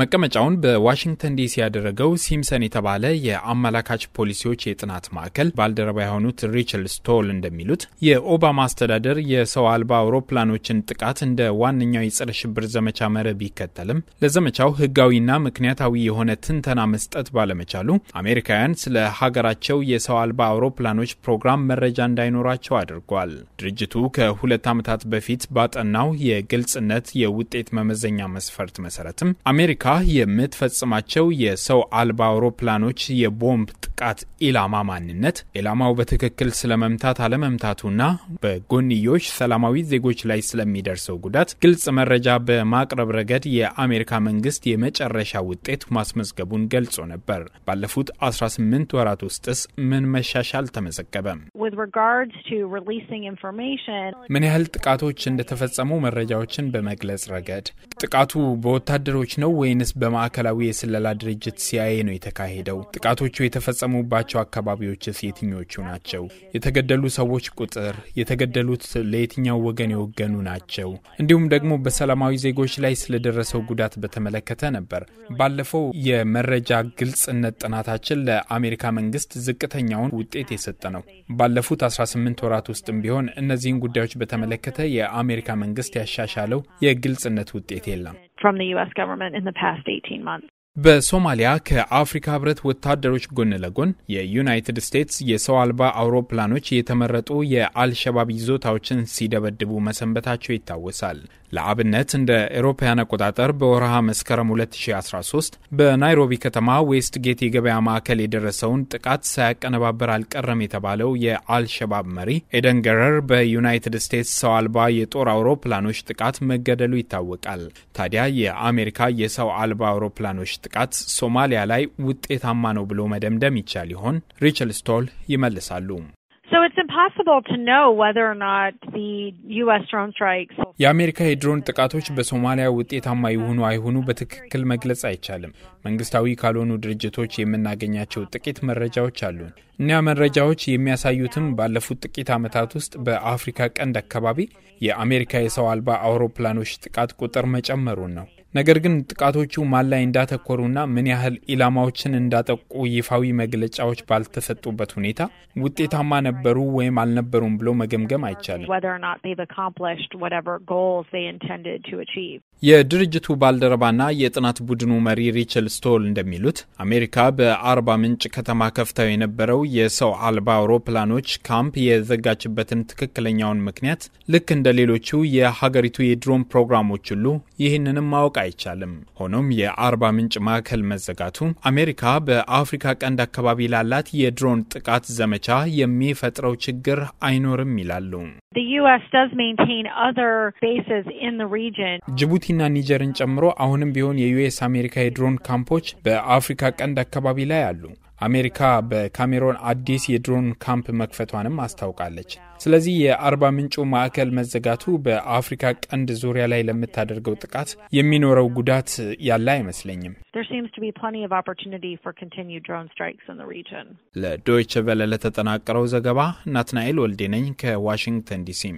መቀመጫውን በዋሽንግተን ዲሲ ያደረገው ሲምሰን የተባለ የአመላካች ፖሊሲዎች የጥናት ማዕከል ባልደረባ የሆኑት ሪችል ስቶል እንደሚሉት የኦባማ አስተዳደር የሰው አልባ አውሮፕላኖችን ጥቃት እንደ ዋነኛው የጸረ ሽብር ዘመቻ መረብ ቢከተልም ለዘመቻው ሕጋዊና ምክንያታዊ የሆነ ትንተና መስጠት ባለመቻሉ አሜሪካውያን ስለ ሀገራቸው የሰው አልባ አውሮፕላኖች ፕሮግራም መረጃ እንዳይኖራቸው አድርጓል። ድርጅቱ ከሁለት ዓመታት በፊት ባጠናው የግልጽነት የውጤት መመዘኛ መስፈርት መሰረትም አሜሪካ አሜሪካ የምትፈጽማቸው የሰው አልባ አውሮፕላኖች የቦምብ ጥቃት ኢላማ ማንነት፣ ኢላማው በትክክል ስለመምታት አለመምታቱና በጎንዮሽ ሰላማዊ ዜጎች ላይ ስለሚደርሰው ጉዳት ግልጽ መረጃ በማቅረብ ረገድ የአሜሪካ መንግስት የመጨረሻ ውጤት ማስመዝገቡን ገልጾ ነበር። ባለፉት 18 ወራት ውስጥስ ምን መሻሻል ተመዘገበም? ምን ያህል ጥቃቶች እንደተፈጸሙ መረጃዎችን በመግለጽ ረገድ ጥቃቱ በወታደሮች ነው ወይ ዌንስ በማዕከላዊ የስለላ ድርጅት ሲአይኤ ነው የተካሄደው? ጥቃቶቹ የተፈጸሙባቸው አካባቢዎችስ የትኞቹ ናቸው? የተገደሉ ሰዎች ቁጥር፣ የተገደሉት ለየትኛው ወገን የወገኑ ናቸው? እንዲሁም ደግሞ በሰላማዊ ዜጎች ላይ ስለደረሰው ጉዳት በተመለከተ ነበር። ባለፈው የመረጃ ግልጽነት ጥናታችን ለአሜሪካ መንግስት ዝቅተኛውን ውጤት የሰጠ ነው። ባለፉት 18 ወራት ውስጥም ቢሆን እነዚህን ጉዳዮች በተመለከተ የአሜሪካ መንግስት ያሻሻለው የግልጽነት ውጤት የለም። from the U.S. government in the past 18 months. በሶማሊያ ከአፍሪካ ህብረት ወታደሮች ጎን ለጎን የዩናይትድ ስቴትስ የሰው አልባ አውሮፕላኖች የተመረጡ የአልሸባብ ይዞታዎችን ሲደበድቡ መሰንበታቸው ይታወሳል። ለአብነት እንደ ኤሮፓያን አቆጣጠር በወርሃ መስከረም 2013 በናይሮቢ ከተማ ዌስት ጌት የገበያ ማዕከል የደረሰውን ጥቃት ሳያቀነባበር አልቀረም የተባለው የአልሸባብ መሪ ኤደን ገረር በዩናይትድ ስቴትስ ሰው አልባ የጦር አውሮፕላኖች ጥቃት መገደሉ ይታወቃል። ታዲያ የአሜሪካ የሰው አልባ አውሮፕላኖች ጥቃት ሶማሊያ ላይ ውጤታማ ነው ብሎ መደምደም ይቻል ይሆን? ሪቸል ስቶል ይመልሳሉ። የአሜሪካ የድሮን ጥቃቶች በሶማሊያ ውጤታማ ይሁኑ አይሁኑ በትክክል መግለጽ አይቻልም። መንግስታዊ ካልሆኑ ድርጅቶች የምናገኛቸው ጥቂት መረጃዎች አሉን። እኒያ መረጃዎች የሚያሳዩትም ባለፉት ጥቂት ዓመታት ውስጥ በአፍሪካ ቀንድ አካባቢ የአሜሪካ የሰው አልባ አውሮፕላኖች ጥቃት ቁጥር መጨመሩን ነው። ነገር ግን ጥቃቶቹ ማን ላይ እንዳተኮሩና ምን ያህል ኢላማዎችን እንዳጠቁ ይፋዊ መግለጫዎች ባልተሰጡበት ሁኔታ ውጤታማ ነበሩ ወይም አልነበሩም ብሎ መገምገም አይቻልም። የድርጅቱ ባልደረባና የጥናት ቡድኑ መሪ ሪችል ስቶል እንደሚሉት አሜሪካ በአርባ ምንጭ ከተማ ከፍታው የነበረው የሰው አልባ አውሮፕላኖች ካምፕ የዘጋችበትን ትክክለኛውን ምክንያት ልክ እንደ ሌሎቹ የሀገሪቱ የድሮን ፕሮግራሞች ሁሉ ይህንንም ማወቅ አይቻልም። ሆኖም የአርባ ምንጭ ማዕከል መዘጋቱ አሜሪካ በአፍሪካ ቀንድ አካባቢ ላላት የድሮን ጥቃት ዘመቻ የሚፈጥረው ችግር አይኖርም ይላሉ። ጅቡቲና ኒጀርን ጨምሮ አሁንም ቢሆን የዩኤስ አሜሪካ የድሮን ካምፖች በአፍሪካ ቀንድ አካባቢ ላይ አሉ። አሜሪካ በካሜሮን አዲስ የድሮን ካምፕ መክፈቷንም አስታውቃለች። ስለዚህ የአርባ ምንጩ ማዕከል መዘጋቱ በአፍሪካ ቀንድ ዙሪያ ላይ ለምታደርገው ጥቃት የሚኖረው ጉዳት ያለ አይመስለኝም። ለዶይቸ ቨለ ለተጠናቀረው ዘገባ ናትናኤል ወልዴነኝ ከዋሽንግተን ዲሲ